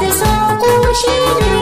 da sako shi ne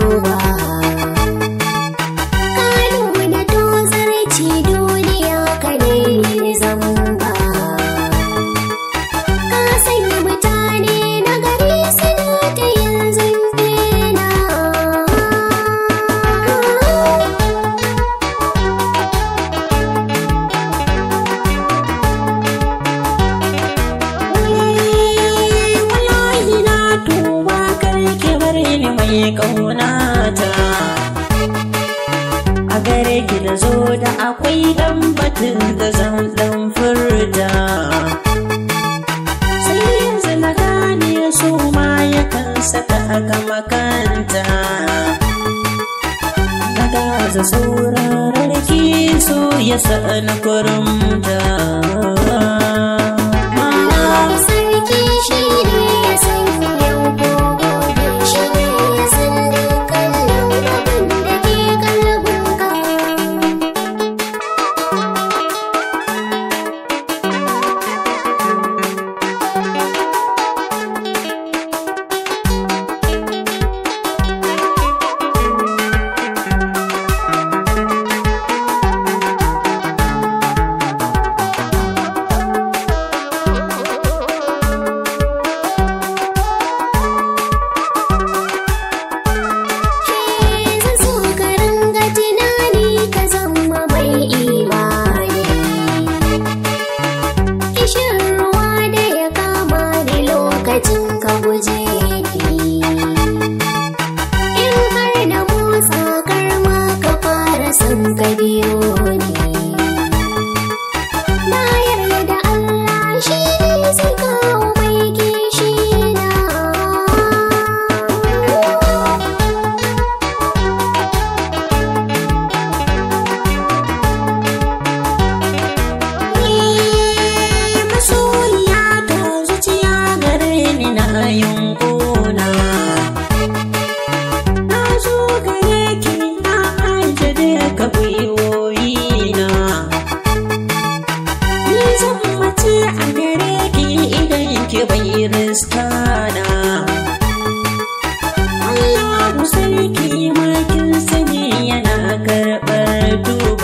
ke ƙaunata a gare ki da zo da akwai ɗan da zan ɗan furta sai yanzu na gane su ma yakan saka aka makanta na gaza saurarar ki so ya sa na kurumta ke ban irin Allah ku sarki makin sani yana karɓar duba